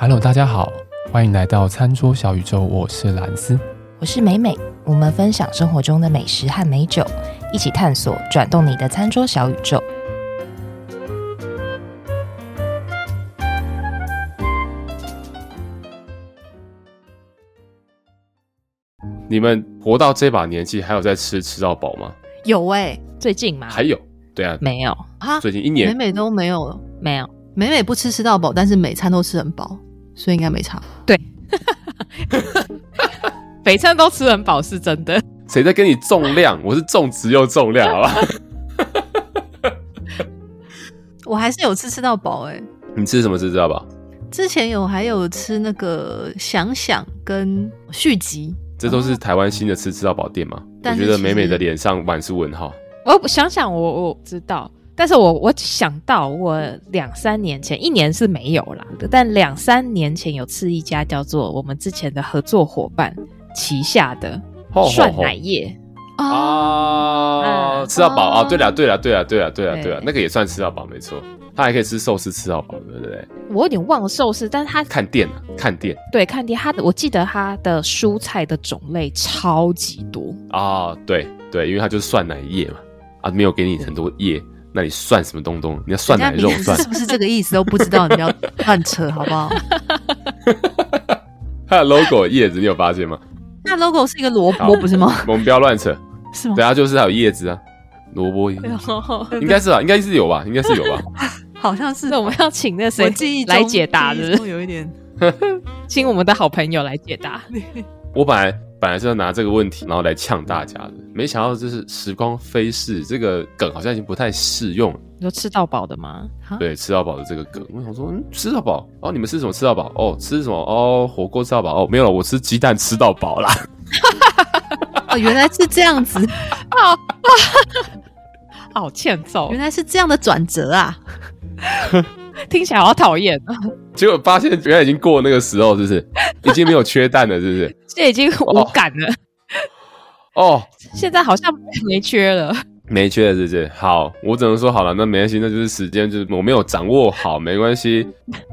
Hello，大家好，歡迎來到餐桌小宇宙。我是蘭斯，我是美美。我們分享生活中的美食和美酒，一起探索轉動你的餐桌小宇宙。你們活到這把年紀，還有在吃吃到飽嗎？有喂、欸，最近嘛，還有對啊，沒有啊，最近一年美美都沒有沒有，美美不吃吃到飽，但是每餐都吃很飽。所以應該沒差。對，北餐 都吃很飽是真的。誰在跟你重量？我是重質又重量好不好？好吧。我還是有吃吃到飽哎、欸。你吃什麼吃知道吧？之前有還有吃那個想想跟續集，這都是台灣新的吃吃到飽店嘛。哦、我覺得美美的臉上滿是問號，是我。我想想，我我知道。但是我我想到，我兩三年前一年是沒有了，但兩三年前有吃一家叫做我們之前的合作伙伴旗下的涮乃葉哦，吃到飽啊。對了對了對了對了對了對了，那個也算吃到飽沒錯，他還可以吃壽司吃到飽，對不對？我有點忘了壽司，但是他看店啊，看店，對，看店，他的我記得他的蔬菜的種類超級多哦，對對，因為他就是涮乃葉嘛，啊，沒有給你很多葉。那你算什麼東東？你要算哪個肉算？是不是這個意思？都不知道，你不要亂扯，好不好？它的 logo 葉子你有發現嗎？那 logo 是一個蘿蔔，不是嗎？我們不要亂扯，是嗎？對啊，就是還有葉子啊，蘿蔔應該是吧？應該是有吧？應該是有吧？好像是我們要請那誰來解答的？有一點，請我們的好朋友來解答。我本來。本來是要拿這個問題，然後來嗆大家的，沒想到就是時光飛逝，這個梗好像已經不太適用了。你說吃到飽的嗎？對，吃到飽的這個梗，我想說，嗯、吃到飽哦，你們吃什麼吃到飽？哦，吃什麼？哦，火鍋吃到飽？哦，沒有了，我吃雞蛋吃到飽了。啊、 哦，原來是這樣子啊， 好欠揍，原來是這樣的轉折啊。 聽起來好討厭啊！結果發現原來已經過那個時候，是不是？已經沒有缺蛋了，是不是？ 這已經無感了哦。哦，現在好像沒缺了，沒缺了，是不是？好，我只能說好了，那沒關係，那就是時間，就是我沒有掌握好，沒關係，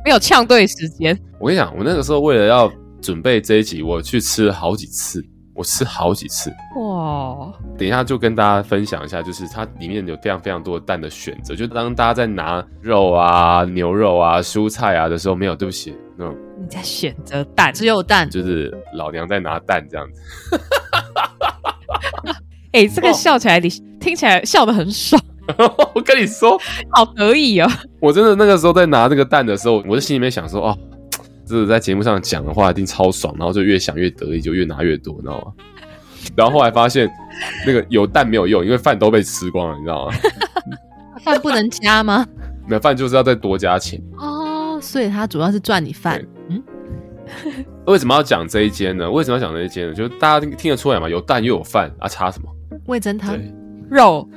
沒有搶對時間。我跟你講，我那個時候為了要準備這一集，我去吃了好幾次，我吃好幾次。哦哦，oh. 等一下就跟大家分享一下，就是它裡面有非常非常多的蛋的選擇。就當大家在拿肉啊、牛肉啊、蔬菜啊的時候，沒有，對不起，那種你在選擇蛋，只有蛋，就是老娘在拿蛋這樣子。哎、 欸，這個笑起來你，你、oh. 聽起來笑得很爽。 我跟你說，好得意哦！我真的那個時候在拿這個蛋的時候，我就心裡面想說，哦，這在節目上講的話一定超爽，然後就越想越得意，就越拿越多，你知道嗎？ 然後後來發現，那個有蛋沒有用，因為飯都被吃光了，你知道嗎？飯 不能加嗎？沒有，飯就是要再多加錢哦，oh, 所以他主要是賺你飯。嗯對， 為什麼要講這一間呢？為什麼要講這一間呢？就是大家聽得出來嘛，有蛋又有飯啊，差什麼？味噌湯、對肉，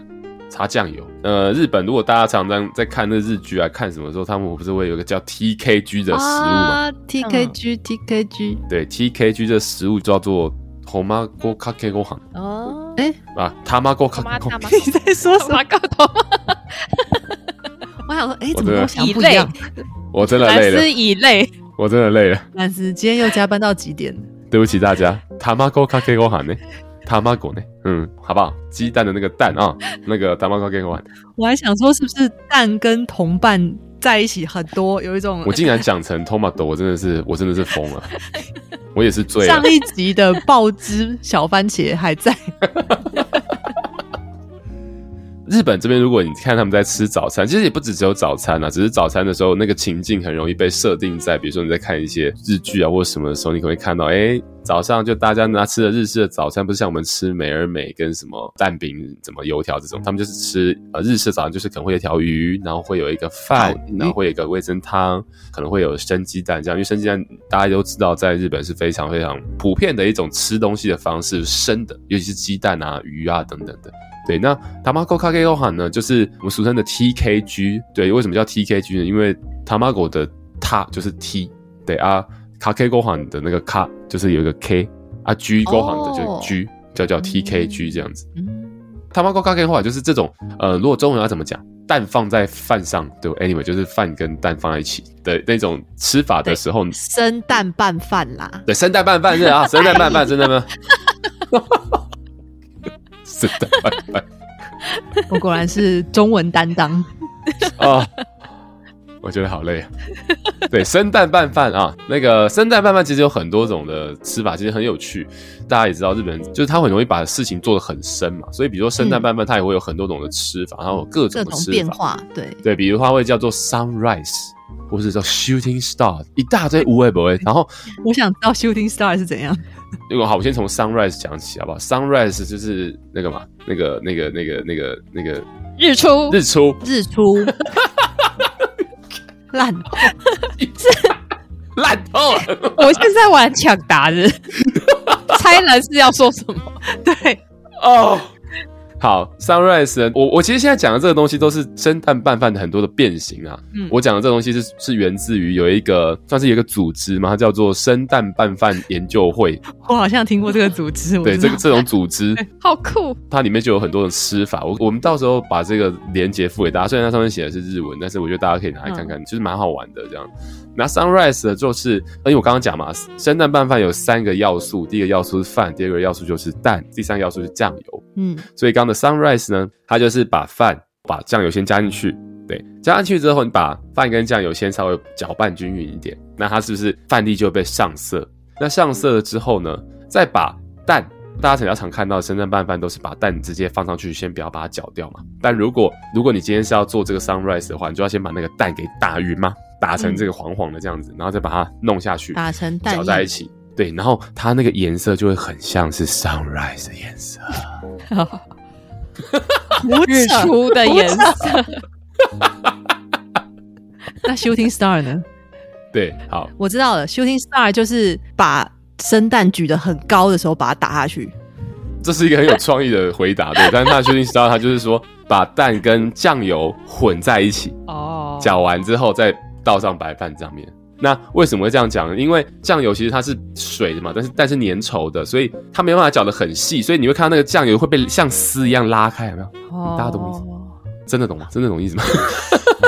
差醬油。呃，日本如果大家常常在，在看那日劇啊，看什麼的時候他們不是會有一個叫 TKG 的食物嗎、oh,？TKG，TKG，對，TKG 的食物叫做。玉子かけごはん哦，哎，啊，玉子かけごはん，子你在說什麼？狗頭，哈哈哈哈哈！ 我想說，哎、欸，怎麼好像不一樣，累我真的累了，累是已累，我真的累了。但是今天又加班到幾點？對不起大家，玉子かけごはん呢？玉子呢？嗯，好不好？雞蛋的那個蛋啊、哦，那個玉子かけごはん。我還想說，是不是蛋跟同伴？在一起很多，有一種，我竟然講成 tomato， 我真的是，我真的是瘋了，我也是醉了。上一集的爆汁小番茄還在。 日本這邊，如果你看他們在吃早餐，其實也不止只有早餐吶，只是早餐的時候那個情境很容易被設定在，比如說你在看一些日劇啊或者什麼的時候，你可能會看到，哎、欸，早上就大家拿吃的日式的早餐，不是像我們吃美而美跟什麼蛋餅、怎麼油條這種，他們就是吃呃日式的早餐，就是可能會有一條魚，然後會有一個飯，嗯、然後會有一個味噌湯，可能會有生雞蛋這樣，因為生雞蛋大家都知道，在日本是非常非常普遍的一種吃東西的方式，生的，尤其是雞蛋啊、魚啊等等的。對，那 Tamago Kakegohan 呢，就是我們俗稱的 TKG。對，為什麼叫 TKG 呢？因為 Tamago 的 Ta 就是 T，對啊，Kakegohan 的那個 Ka 就是有一個 K，啊 G Gohan 的就是 G，、哦、就叫就叫 TKG 這樣子。Tamago Kakegohan 就是這種呃，如果中文要怎麼講？蛋放在飯上，對，Anyway 就是飯跟蛋放在一起，對，那種吃法的時候，生蛋拌飯啦。對，生蛋拌飯，是啊，生蛋拌飯真的嗎？生蛋拌飯 我果然是中文擔當啊、 哦！我覺得好累啊。對，生蛋拌飯啊，那個生蛋拌飯其實有很多種的吃法，其實很有趣。大家也知道，日本就是他很容易把事情做得很深嘛，所以比如說生蛋拌飯，它也會有很多種的吃法，然後、嗯、各種的吃法，各種變化。對對，比如他會叫做 sunrise。不是叫 shooting star，一大堆無龜，不會對。然後我想到 shooting star 是怎樣？如果好，我先從 sunrise 講起，好不好？sunrise 就是那個嘛，那個、那個、那個、那個、那個日出，日出，日出，爛，這爛透了。我現在玩搶答的，猜人是要說什麼？對，哦。好，Sunrise，我我其實現在講的這個東西都是生蛋拌飯的很多的變形啊。嗯，我講的這個東西是是源自於有一個算是有一個組織嘛，它叫做生蛋拌飯研究會。我好像聽過這個組織。 對，這個這種組織，對，好酷。它裡面就有很多種吃法，我我們到時候把這個鏈接附給大家。雖然它上面寫的是日文，但是我覺得大家可以拿來看看，嗯、就是蠻好玩的這樣。那 Sunrise 呢就是，因為我剛剛講嘛，生蛋拌飯有三個要素，第一個要素是飯，第二個要素就是蛋，第三個要素是醬油。嗯，所以剛。那 sunrise 呢？它就是把飯、把醬油先加進去，對，加進去之後，你把飯跟醬油先稍微攪拌均匀一點。那它是不是飯粒就會被上色？那上色了之後呢，再把蛋，大家比較常看到的生蛋拌飯都是把蛋直接放上去，先不要把它攪掉嘛。但如果如果你今天是要做這個 sunrise 的話，你就要先把那個蛋給打匀嘛，打成這個黃黃的這樣子，嗯、然後再把它弄下去，打成蛋液，攪在一起。對，然後它那個顏色就會很像是 sunrise 的顏色。Oh. 日出的顏色。 那 shooting star 呢？對，好，我知道了。shooting star 就是把生蛋舉得很高的時候，把它打下去。這是一個很有創意的回答，對。但是那 shooting star 他就是說，把蛋跟醬油混在一起，哦， 攪完之後再倒上白飯上面。那為什麼會這樣講呢？因為醬油其實它是水的嘛，但是但是粘稠的，所以它沒辦法攪得很細，所以你會看到那個醬油會被像絲一樣拉開，有沒有？Oh. 你大家懂我意思？真的懂嗎？真的懂意思嗎？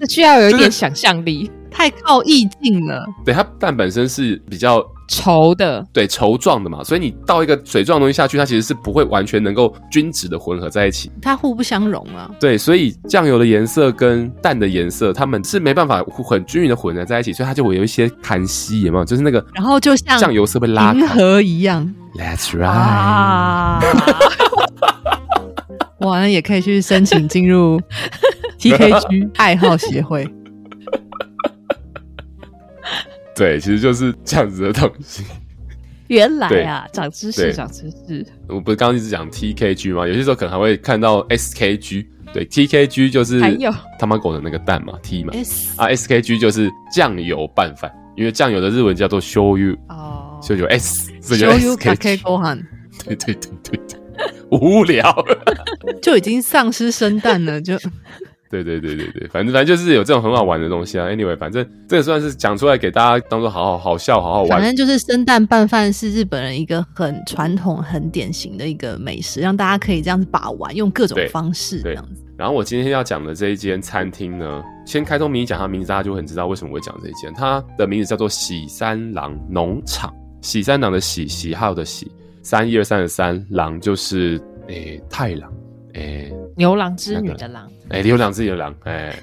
這需要有一點想象力是，太靠意境了。對，它蛋本身是比較稠的，對，對稠狀的嘛，所以你倒一個水狀東西下去，它其實是不會完全能夠均質的混合在一起，它互不相融啊，對，所以醬油的顏色跟蛋的顏色，它們是沒辦法很均勻的混合在一起，所以它就會有一些痰稀有沒有？就是那個醬，然後就像醬油色被拉河一樣。Let's ride。哇，那也可以去申請進入。 T K G 愛好協會， 對，其實就是這樣子的東西。 原來，啊，呀，長知識，對長知識。我不是剛剛一直講 T K G 嗎？有些時候可能還會看到 S K G 對。對，T K G 就是有 tamago 的那個蛋嘛有，T 嘛。 s 啊，S K G 就是醬油拌飯，因為醬油的日文叫做 shoyu, s h o w y u 哦，s, 所以就有 S，這就是 K G。K 對對對對，無聊， 就已經喪失生蛋了，就。對對對對對，反正反正就是有這種很好玩的東西啊。Anyway，反正這也、個、算是講出來給大家當做好好好笑、好好玩。反正就是生蛋拌飯是日本人一個很傳統、很典型的一個美食，讓大家可以這樣子把玩，用各種方式這樣子。然後我今天要講的這一間餐廳呢，先開宗明義講它名字，大家就很知道為什麼我會講這一間。它的名字叫做喜三郎農場。喜三郎的喜，喜好的喜，三一二三的三，郎就是誒太、欸、郎，誒、欸。牛郎織女的郎，哎、那個欸，牛郎織女的郎，哎、欸，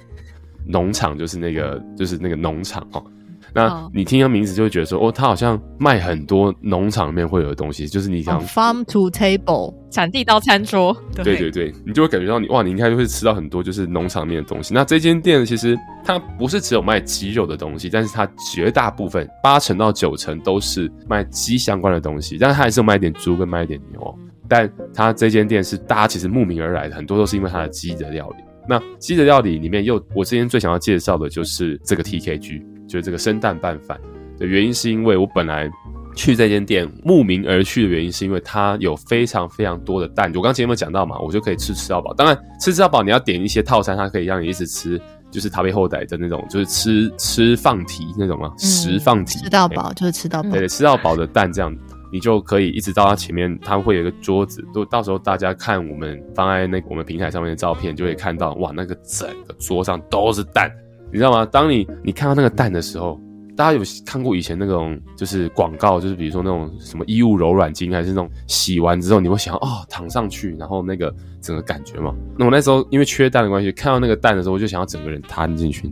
農場就是那個，就是那個農場哦。 那你聽到名字就會覺得說，哦，他好像賣很多農場裡面會有的東西，就是你想 farm to table，產地到餐桌，對，對對對，你就會感覺到你，哇，你應該就會吃到很多就是農場裡面的東西。那這間店其實它不是只有賣雞肉的東西，但是它絕大部分八成到九成都是賣雞相關的東西，但是它還是有賣一點豬跟賣一點牛。但它這間店是大家其實慕名而來的，很多都是因為它的雞的料理。那雞的料理裡面，又我今天最想要介紹的就是這個 TKG 就是這個生蛋拌飯。的原因是因為我本來去這間店慕名而去的原因，是因為它有非常非常多的蛋。我剛才有沒有講到嘛？我就可以吃吃到飽。當然，吃吃到飽你要點一些套餐，它可以讓你一直吃，就是台北後代的那種，就是吃吃放題那種嘛、啊，嗯、食放題吃到飽就是吃到飽，對，吃到飽的蛋這樣子。你就可以一直到它前面，它會有一個桌子。就到時候大家看我們放在那個我們平台上面的照片，就會看到哇，那個整個桌上都是蛋，你知道嗎？當你你看到那個蛋的時候，大家有看過以前那種就是廣告，就是比如說那種什麼衣物柔軟精還是那種洗完之後你會想要哦，躺上去，然後那個整個感覺嘛。那我那時候因為缺蛋的關係，看到那個蛋的時候，我就想要整個人癱進去。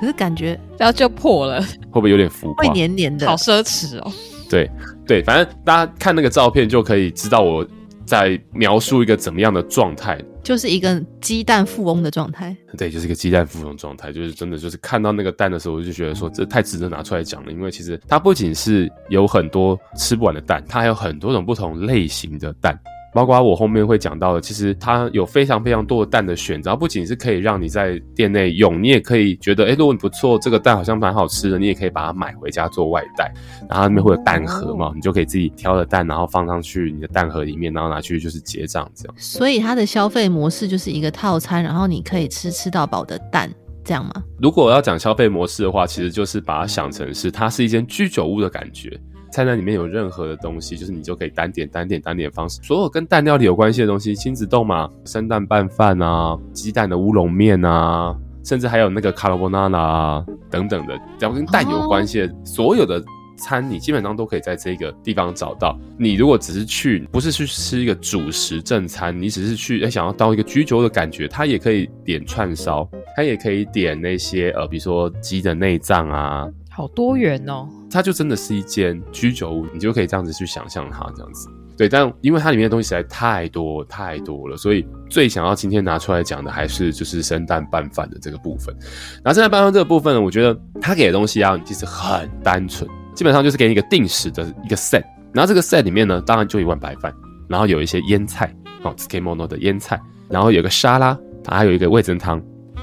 可是感覺然後就破了，會不會有點浮誇？會黏黏的，好奢侈哦。對，對，反正大家看那個照片就可以知道我在描述一個怎麼樣的狀態，就是一個雞蛋富翁的狀態。對，就是一個雞蛋富翁的狀態，就是真的，就是看到那個蛋的時候，我就覺得說這太值得拿出來講了，因為其實它不僅是有很多吃不完的蛋，它還有很多種不同類型的蛋。包括我後面會講到的，其實它有非常非常多的蛋的選擇，不僅是可以讓你在店內用，你也可以覺得，欸，如果你不錯，這個蛋好像蠻好吃的，你也可以把它買回家做外帶。然後它裡面會有蛋盒嘛，你就可以自己挑了蛋，然後放上去你的蛋盒裡面，然後拿去就是結賬這樣。所以它的消費模式就是一個套餐，然後你可以吃吃到飽的蛋這樣嗎？如果我要講消費模式的話，其實就是把它想成是它是一間居酒屋的感覺。菜單裡面，有任何的東西，就是你就可以單點單點單點的方式。所有跟蛋料理有關係的東西，親子丼嘛，生蛋拌飯啊，雞蛋的烏龍麵啊，甚至還有那個卡羅波納啦等等的，只要跟蛋有關係的，oh. 所有的餐你基本上都可以在這個地方找到。你如果只是去，不是去吃一個主食正餐，你只是去、欸、想要當一個居酒的感覺，它也可以點串燒，它也可以點那些呃，比如說雞的內臟啊。好多元哦！它就真的是一間居酒屋，你就可以這樣子去想象它這樣子。對，但因為它裡面的東西實在太多太多了，所以最想要今天拿出來講的還是就是生蛋拌飯的這個部分。然後生蛋拌飯這個部分呢，我覺得他給的東西啊，其實很單純，基本上就是給你一個定食的一個 set。然後這個 set 裡面呢，當然就一碗白飯，然後有一些醃菜哦，tsukemono 的醃菜，然後有一個沙拉，它還有一個味噌湯。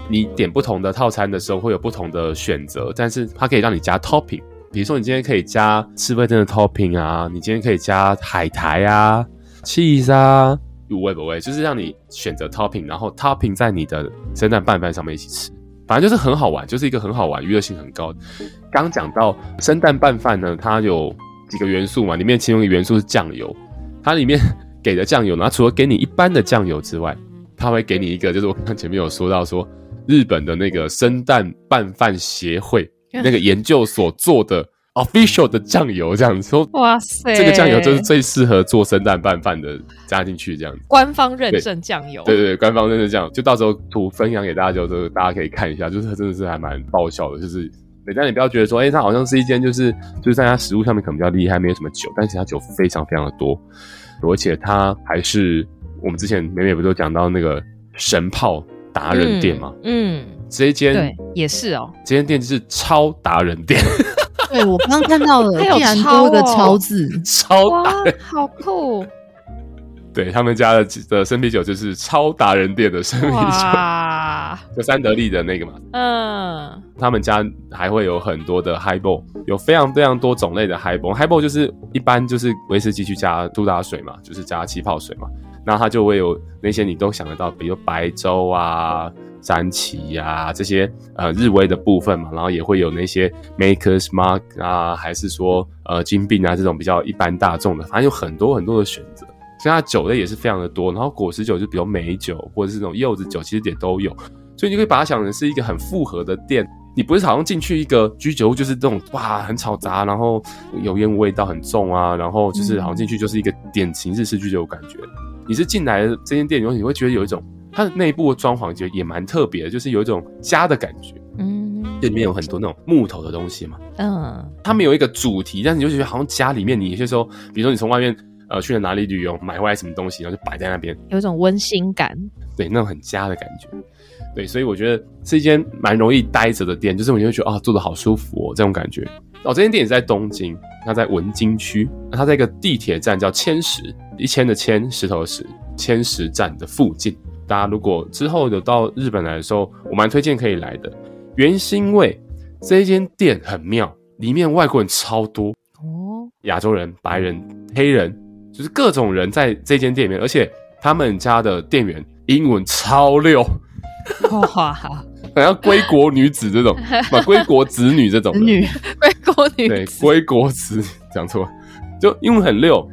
你點不同的套餐的時候，會有不同的選擇，但是它可以讓你加 topping，比如說你今天可以加吃味噌的 topping 啊，你今天可以加海苔啊、起司、啊，喂不喂？就是讓你選擇 topping，然後 topping 在你的生蛋拌飯上面一起吃，反正就是很好玩，就是一個很好玩，娛樂性很高。剛講到生蛋拌飯呢，它有幾個元素嘛，裡面其中一個元素是醬油，它裡面給的醬油呢，除了給你一般的醬油之外，它會給你一個，就是我剛前面有說到說。日本的那個生蛋拌飯協會那個研究所做的 official 的醬油，這樣子說，哇塞，這個醬油就是最適合做生蛋拌飯的，加進去這樣。官方認證醬油，對對，官方認證醬油。就到時候圖分享給大家就，就是大家可以看一下，就是真的是還蠻爆笑的。就是每家你不要覺得說，哎、欸，它好像是一間就是就是大家食物上面可能比較厲害，沒有什麼酒，但是它酒非常非常的多，而且它還是我們之前美美不都講到那個神泡。達人店嘛，嗯，嗯，這間對也是哦、喔，這間店就是超達人店。 對，我剛剛看到了，非常多的子還超的超字，超達人，好酷！對他們家的的生啤酒就是超達人店的生啤酒，哇就三得利的那個嘛。嗯，他們家還會有很多的 Highball，有非常非常多種類的 Highball。Highball 就是一般就是威士忌去加蘇打水嘛，就是加氣泡水嘛。那它就會有那些你都想得到，比如白州啊、山崎呀、啊、這些呃日威的部分嘛，然後也會有那些 makers mark 啊，還是說呃金賓啊這種比較一般大眾的，反正有很多很多的選擇。所以它酒類也是非常的多，然後果實酒就比如梅酒或者是這種柚子酒，其實也都有，所以你可以把它想成是一個很複合的店，你不是好像進去一個居酒屋就是這種哇很嘈雜，然後油煙味道很重啊，然後就是好像進去就是一個典型日式居酒感覺。嗯嗯你是進來的這間店以後，你會覺得有一種它的內部裝潢，覺得也蠻特別的，就是有一種家的感覺。嗯，這裡面有很多那種木頭的東西嘛。嗯，他們有一個主題，但是你就覺得好像家裡面，你有些時候，比如說你從外面呃去了哪裡旅遊，買回來什麼東西，然後就擺在那邊，有一種溫馨感。對，那種很家的感覺。嗯對，所以我覺得是一間蠻容易呆着的店，就是我就會覺得啊，坐、哦、得好舒服哦，這種感覺。哦，這間店也在東京，它在文京區，它在一個地鐵站叫千石，一千的千，石頭的石，千石站的附近。大家如果之後有到日本來的時候，我蠻推薦可以來的。原因是因為這間店很妙，裡面外國人超多哦，亞洲人、白人、黑人，就是各種人在這間店裡面，而且他們家的店員英文超溜。哇，好 像歸國女子這種，不， 歸國子女這種的，女歸國女子，對，歸國子，講錯，就英文很溜，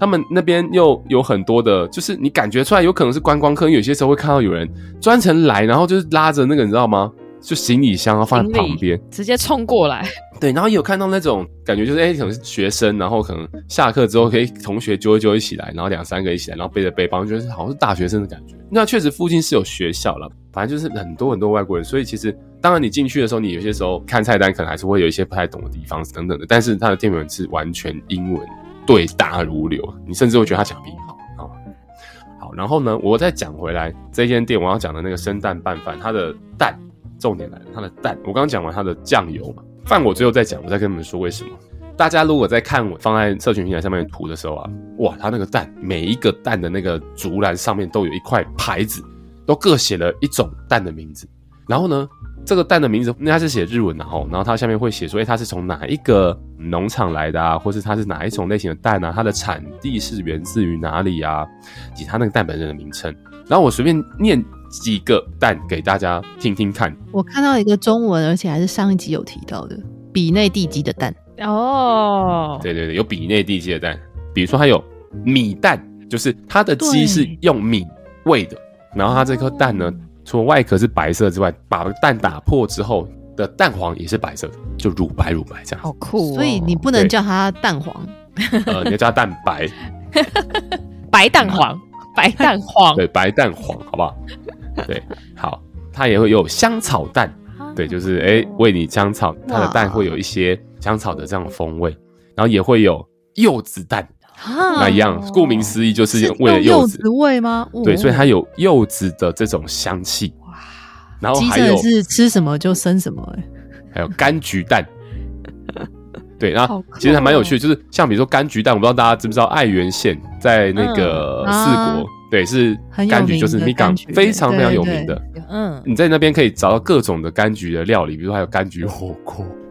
他們那邊又有很多的，就是你感覺出來，有可能是觀光客，有些時候會看到有人專程來，然後就是拉着那個，你知道嗎？就行李箱要放在旁邊，直接衝過來。對，然後也有看到那種感覺，就是誒、欸，可能是學生，然後可能下課之後可以同學揪一揪一起來，然後兩三個一起來，然後背着背包，就是好像是大學生的感覺。那確實附近是有學校了，反正就是很多很多外國人。所以其實，當然你進去的時候，你有些時候看菜單，可能還是會有一些不太懂的地方等等的。但是他的店員是完全英文對答如流，你甚至會覺得他講比較好，哦。好，然後呢，我再講回來，這間店我要講的那個生蛋拌飯，它的蛋。重點來了，它的蛋，我剛剛講完它的醬油嘛，飯我最後再講，我再跟你們說為什麼。大家如果在看我放在社群平台上面的圖的時候啊，哇，它那個蛋，每一個蛋的那個竹籃上面都有一塊牌子，都各寫了一種蛋的名字。然後呢，這個蛋的名字，那它是寫日文的吼，然後它下面會寫說，誒、欸，它是從哪一個農場來的啊，或是它是哪一種類型的蛋啊，它的產地是源自於哪裡啊，以及它那個蛋本身的名稱。然後我隨便念。幾個蛋給大家聽聽看。我看到一個中文，而且還是上一集有提到的，比內地雞的蛋哦。Oh. 對對對，有比內地雞的蛋，比如說還有米蛋，就是它的雞是用米餵的，對然後它這顆蛋呢，oh. 除了外殼是白色之外，把蛋打破之後的蛋黃也是白色的，就乳白乳白這樣。好酷，所以你不能叫它蛋黃，對 呃，你要叫它蛋白， 白蛋黃，白蛋黃，對，白蛋黃，好不好？ 對，好，它也會有香草蛋，哈對，就是哎，喂、欸、你香草，它的蛋會有一些香草的這樣風味，哇然後也會有柚子蛋，哈那一樣，顧名思義就是為了柚子，柚子味嗎？哦、對，所以它有柚子的這種香氣。哇，然後還有是吃什麼就生什麼、欸，還有柑橘蛋。 對，然後其實還蠻有趣的，就是像比如說柑橘蛋，我不知道大家知不知道，愛媛縣在那個四國，對，是柑橘，就是米港非常非常有名的。嗯，你在那邊可以找到各種的柑橘的料理，比如說還有柑橘火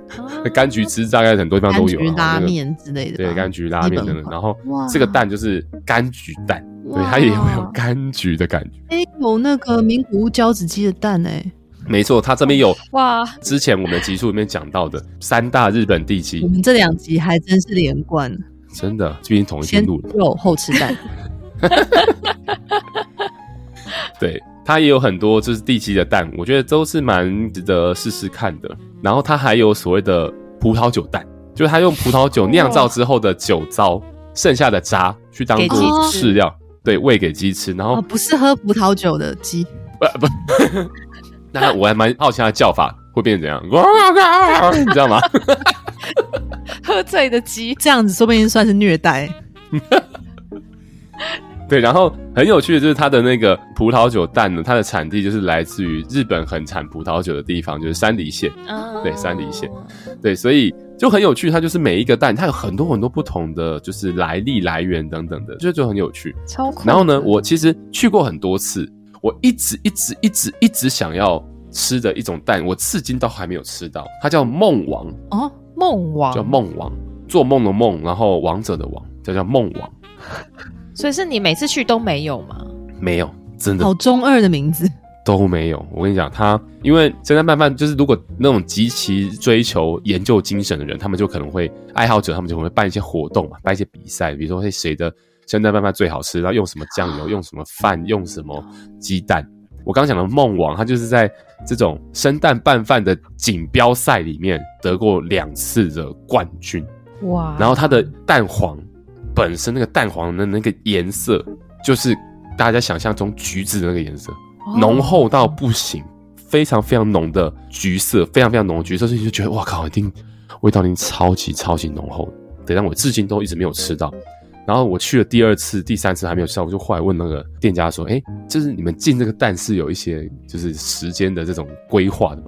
鍋、柑橘汁，大概很多地方都有柑橘拉麵之類的，對，柑橘拉面等等。然後這個蛋就是柑橘蛋，對，它也會有柑橘的感覺。哎，有那個名古屋交趾雞的蛋哎。沒錯，他這邊有哇！之前我們的集數裡面講到的三大日本地雞，我們這兩集還真是連貫，真的就是同一天錄的。吃肉後吃蛋，對，它也有很多就是地雞的蛋，我覺得都是蠻值得試試看的。然後它還有所謂的葡萄酒蛋，就是它用葡萄酒釀造之後的酒糟、哦、剩下的渣去當做飼料，哦、對，喂給雞吃。然後、哦、不是喝葡萄酒的雞，不不。那我還蠻好奇它的叫法會變成怎樣， 你知道嗎？ 喝醉的雞這樣子，說不定算是虐待。 對，然後很有趣的就是它的那個葡萄酒蛋呢，它的產地就是來自於日本很產葡萄酒的地方，就是山梨縣。啊、uh，對，山梨縣，對，所以就很有趣。它就是每一個蛋，它有很多很多不同的，就是來歷、來源等等的，就就很有趣。超酷。然後呢，我其實去過很多次。我一直一直一直一直想要吃的一種蛋，我至今都還沒有吃到。它叫夢王。哦，夢王。叫夢王，做夢的夢，然後王者的王，叫叫夢王。 所以是你每次去都沒有嗎？沒有，真的。好中二的名字。都沒有，我跟你講，他因為現在慢慢就是如果那種極其追求研究精神的人，他們就可能會愛好者，他們就會辦一些活動嘛，辦一些比賽，比如說誰的。生蛋拌飯最好吃，然後用什麼醬油，用什麼飯，用什麼雞蛋。我剛剛講的夢王，他就是在這種生蛋拌飯的錦標賽裡面得過兩次的冠軍。哇！Wow. 然後他的蛋黃本身那個蛋黃的那個顏色，就是大家想象中橘子的那個顏色，oh. 濃厚到不行，非常非常濃的橘色，非常非常濃的橘色，所以就覺得哇靠，一定味道一定超級超級濃厚。雖然我至今都一直沒有吃到。然後我去了第二次、第三次還沒有去。我就後來問那個店家說：“哎，就是你們進這個蛋是有一些就是時間的這種規劃的嗎？”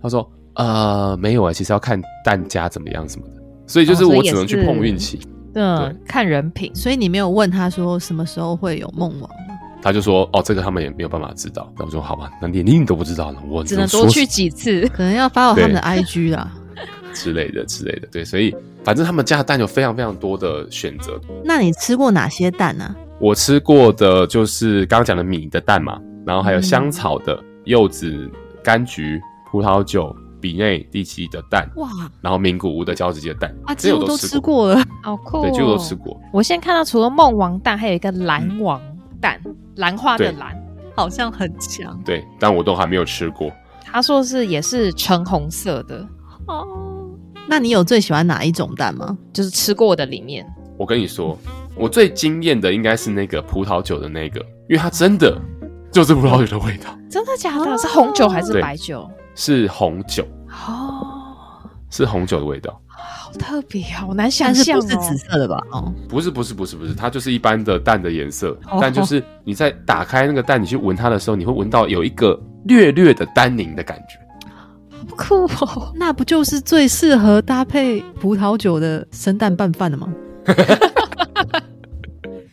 他說：“呃，沒有啊，其實要看蛋家怎麼樣什麼的，所以就是我只能去碰運氣，哦、對，對看人品。所以你沒有問他說什麼時候會有夢王嗎？”他就說：“哦，這個他們也沒有辦法知道。”那我說：“好吧，那連你都不知道呢，我能說只能多去幾次， 可能要發到他們的 I G 啦。之類的之類的，對，所以反正他們家的蛋有非常非常多的選擇。那你吃過哪些蛋呢、啊？我吃過的就是剛剛講的米的蛋嘛，然後還有香草的、嗯、柚子、柑橘、葡萄酒、比內地雞的蛋，哇，然後名古屋的交趾雞的蛋，啊，這些我都吃過了，好酷、哦，對，這我都吃過。我現在看到除了夢王蛋，還有一個藍王蛋，蘭、嗯、花的藍對好像很強，對，但我都還沒有吃過。他說是也是橙紅色的，哦。那你有最喜歡哪一種蛋嗎？就是吃過的裡面，我跟你說，我最驚艷的應該是那個葡萄酒的那個，因為它真的就是葡萄酒的味道。真的假的？啊、是紅酒還是白酒？是紅酒哦，是紅酒的味道，好特別，好難想象、哦。是不是紫色的吧？哦，不是，不是，不是，不是，它就是一般的蛋的顏色，哦、但就是你在打開那個蛋，你去聞它的時候，你會聞到有一個略略的單寧的感覺。不酷哦，那不就是最適合搭配葡萄酒的生蛋拌飯了嗎？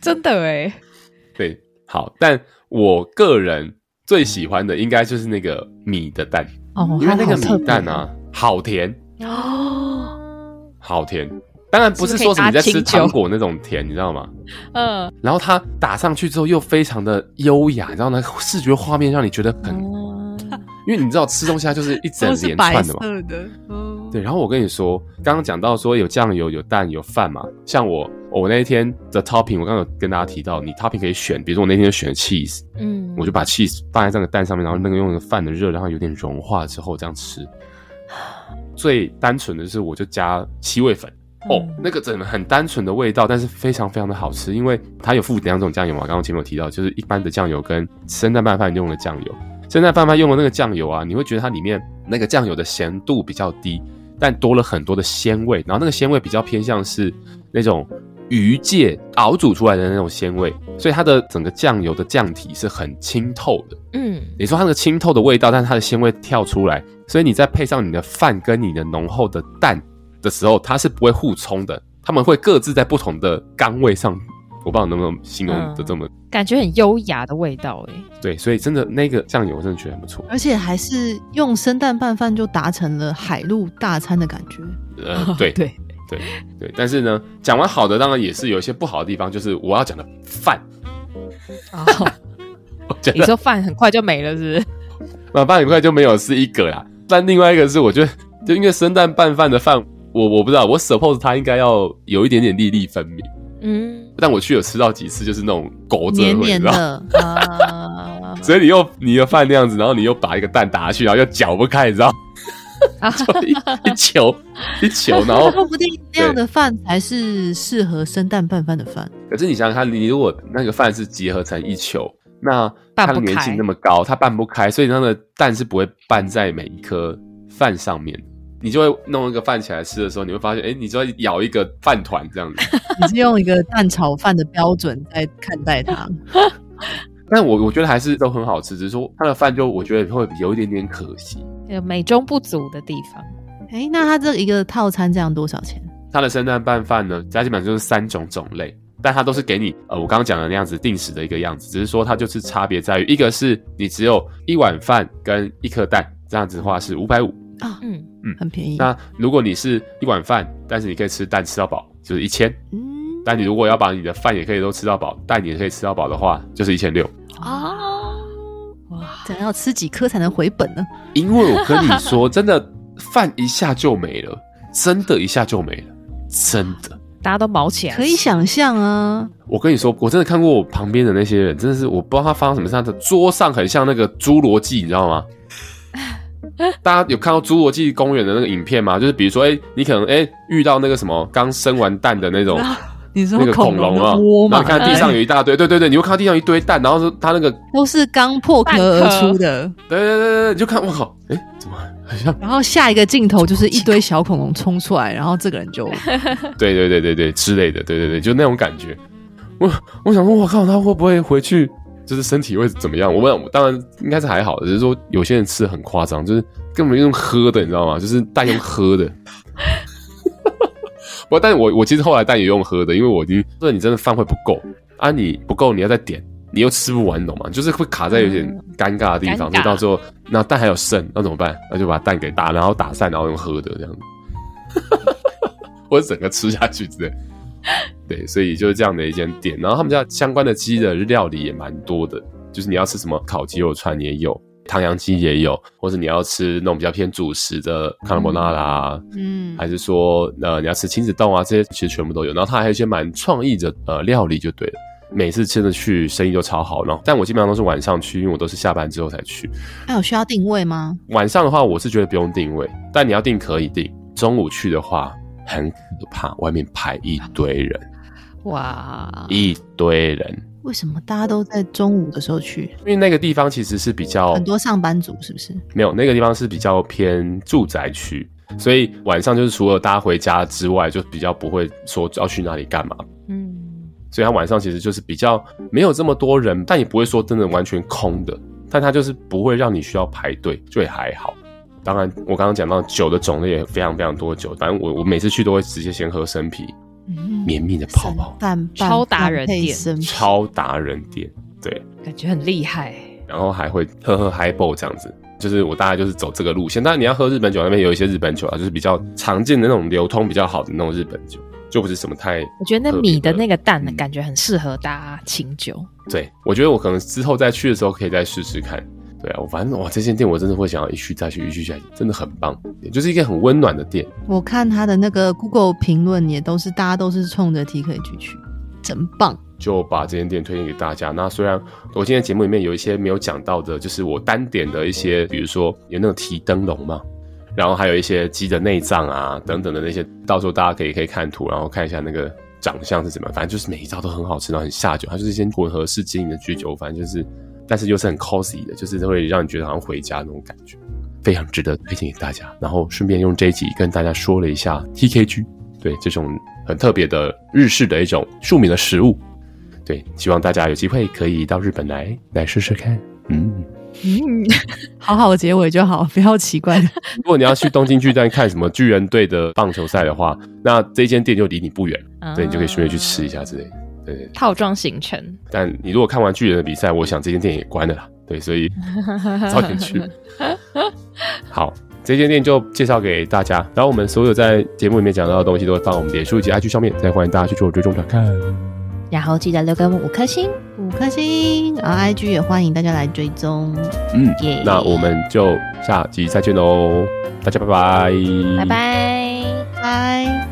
真的哎耶，對，好，但我個人最喜歡的應該就是那個米的蛋哦，它那個米蛋啊，好，哦、好甜哦，好甜。當然不是說什麼你在吃糖果那種甜，你知道嗎？嗯、呃，然後它打上去之後又非常的優雅，然後呢，視覺畫面讓你覺得很、嗯。 因為你知道吃東西它就是一整連串的嘛，對。然後我跟你說，剛剛講到說有醬油、有蛋、有飯嘛。像我，哦，我那一天的 topping，我剛有跟大家提到，你 topping 可以選，比如說我那天就選 cheese，嗯，我就把 cheese 放在這個蛋上面，然後那個用那個飯的熱，然後有點融化之後這樣吃。最單純的是我就加七味粉哦，那個真的很單純的味道，但是非常非常的好吃，因為它有附兩種醬油嘛，剛剛前面有提到，就是一般的醬油跟生蛋拌飯用的醬油。現在拌飯的那個醬油啊，你會覺得它裡面那個醬油的鹹度比較低，但多了很多的鮮味。然後那個鮮味比較偏向是那種魚介熬煮出來的那種鮮味，所以它的整個醬油的醬體是很清透的。嗯，你說它那個清透的味道，但是它的鮮味跳出來，所以你再配上你的飯跟你的濃厚的蛋的時候，它是不會互衝的，它們會各自在不同的崗位上。我不知道能不能形容的這麼、嗯，感覺很優雅的味道哎、欸。對，所以真的那個醬油，我真的覺得很不錯，而且還是用生蛋拌飯就達成了海陸大餐的感覺。呃對、哦，對對對對，對。但是呢，講完好的，當然也是有一些不好的地方，對就是我要講的飯。哦， 得你說飯很快就沒了是不是？啊，飯很快就沒有是一個啦，但另外一個是，我覺得就因為生蛋拌飯的飯，嗯、我我不知道，我 suppose 它應該要有一點點粒粒分明。嗯，但我去有吃到幾次，就是那種狗黏黏的，你知道啊、 所以你又你的飯那樣子，然後你又把一個蛋打下去，然後又攪不開，你知道？ 一，啊、一球、啊、一、球一球，然後說不定那對樣的飯才是適合生蛋拌飯的飯。可是你想想看，你如果那個飯是結合成一球，那它的粘性那麼高，它拌不開，不開，所以它的蛋是不會拌在每一顆飯上面。你就會弄一個飯起來吃的時候，你會發現，哎、欸，你就會咬一個飯糰這樣子。你是用一個蛋炒飯的標準在看待它， 但我我覺得還是都很好吃，只是說它的飯就我覺得會有一點點可惜，有美中不足的地方。哎、欸，那它這一個套餐這樣多少錢？它的生蛋拌飯呢，它基本上就是三種種類，但它都是給你呃，我剛剛講的那樣子定時的一個樣子，只是說它就是差別在於，一個是你只有一碗飯跟一顆蛋這樣子的話是五百五。啊，嗯嗯，嗯，很便宜。那如果你是一碗飯，但是你可以吃蛋吃到飽，就是一千。嗯，但你如果要把你的飯也可以都吃到飽，蛋也可以吃到飽的話，就是一千六。啊，哇！怎樣要吃幾顆才能回本呢？因為我跟你說，真的飯 一,一下就沒了，真的，一下就沒了，真的。大家都飽起來，可以想象啊。我跟你說，我真的看過我旁邊的那些人，真的是我不知道他發生什麼事，他的桌上很像那個侏羅紀，你知道嗎？大家有看到《侏羅紀公園》的那個影片嗎？就是比如說，哎、欸，你可能哎、欸、遇到那個什麼剛生完蛋的那種，你說那個 恐龍啊，然後看地上有一大堆，欸、對對對，你會看到地上一堆蛋，然後他那個都是剛破殼而出的。殼對對對對，你就看，我靠，哎、欸，怎麼好像，然後下一個鏡頭就是一堆小恐龍衝出來，然後這個人就 對對對對對之類的，對對對，就那種感覺。我我想說，我靠，他會不會回去，就是身體會怎麼樣？我問，我當然應該是還好的。只、就是說有些人吃得很誇張，就是根本用喝的，你知道嗎？就是蛋用喝的。 不，但我我其實後來蛋也用喝的，因為我已經說，那你真的飯會不夠啊？你不夠，你要再點，你又吃不完，懂嗎？就是會卡在有點尷尬的地方。就、嗯、到最後那蛋還有剩，那怎麼辦？那就把蛋給打，然後打散，然後用喝的這樣子。 我整個吃下去，直接。 對，所以就是這樣的一間店，然後他們家相關的雞的料理也蠻多的，就是你要吃什麼烤雞肉串也有，唐揚雞也有，或是你要吃那種比較偏主食的卡波納拉，嗯，還是說呃你要吃親子丼啊，這些其實全部都有。然後他還有一些蠻創意的呃料理就對了，每次吃的去生意都超好。然後但我基本上都是晚上去，因為我都是下班之後才去。還有需要定位嗎？晚上的話，我是覺得不用定位，但你要定可以定。中午去的話。很可怕，外面排一堆人，哇，一堆人。為什麼大家都在中午的時候去？因為那個地方其實是比較很多上班族，是不是？沒有，那個地方是比較偏住宅區，嗯，所以晚上就是除了大家回家之外，就比較不會說要去哪裡幹嘛。嗯，所以他晚上其實就是比較沒有這麼多人，但也不會說真的完全空的，但他就是不會讓你需要排隊，就也還好。當然，我剛剛講到酒的種類也非常非常多酒。反正我我每次去都會直接先喝生啤，嗯、綿密的泡泡，超達人店，超達人店，對，感覺很厲害。然後還會喝喝 Highball 這樣子，就是我大概就是走這個路線。當然你要喝日本酒，那邊有一些日本酒啊，就是比較常見的那種流通比較好的那種日本酒，就不是什麼太。我覺得那米的那個蛋，嗯，感覺很適合搭清酒。對，我覺得我可能之後再去的時候可以再試試看。對啊，我反正哇，這間店我真的會想要一去再去，一去再去，真的很棒，也就是一個很溫暖的店。我看他的那個 Google 評論也都是，大家都是衝着 TKG 去，真棒。就把這間店推薦給大家。那雖然我今天的節目裡面有一些沒有講到的，就是我單點的一些，嗯、比如說有那個提燈籠嘛，然後還有一些雞的內臟啊等等的那些，到時候大家可以可以看圖，然後看一下那個長相是怎麼樣。反正就是每一道都很好吃，然後很下酒。它就是一間混合式經營的居酒屋，反正就是。但是又是很 cozy 的，就是會讓你覺得好像回家那種感覺，非常值得推薦給大家。然後順便用這一集跟大家說了一下 TKG，對，這種很特別的日式的一種庶民的食物，對，希望大家有機會可以到日本來來試試看。嗯嗯， 好好的結尾就好，不要奇怪。 如果你要去東京巨蛋看什麼巨人隊的棒球賽的話，那這間店就離你不遠，對，你就可以順便去吃一下之類的。對，套裝行程。但你如果看完巨人的比賽，我想這間店也關了啦。對，所以 早點去。 好，這間店就介紹給大家。然後我們所有在節目裡面講到的東西，都會放我們臉書以及 IG 上面，再歡迎大家去做追蹤查看。然後記得留給我們五顆星，五顆星。然後 IG 也歡迎大家來追蹤。嗯，Yeah 那我們就下集再見嘍，大家拜拜，拜拜，拜。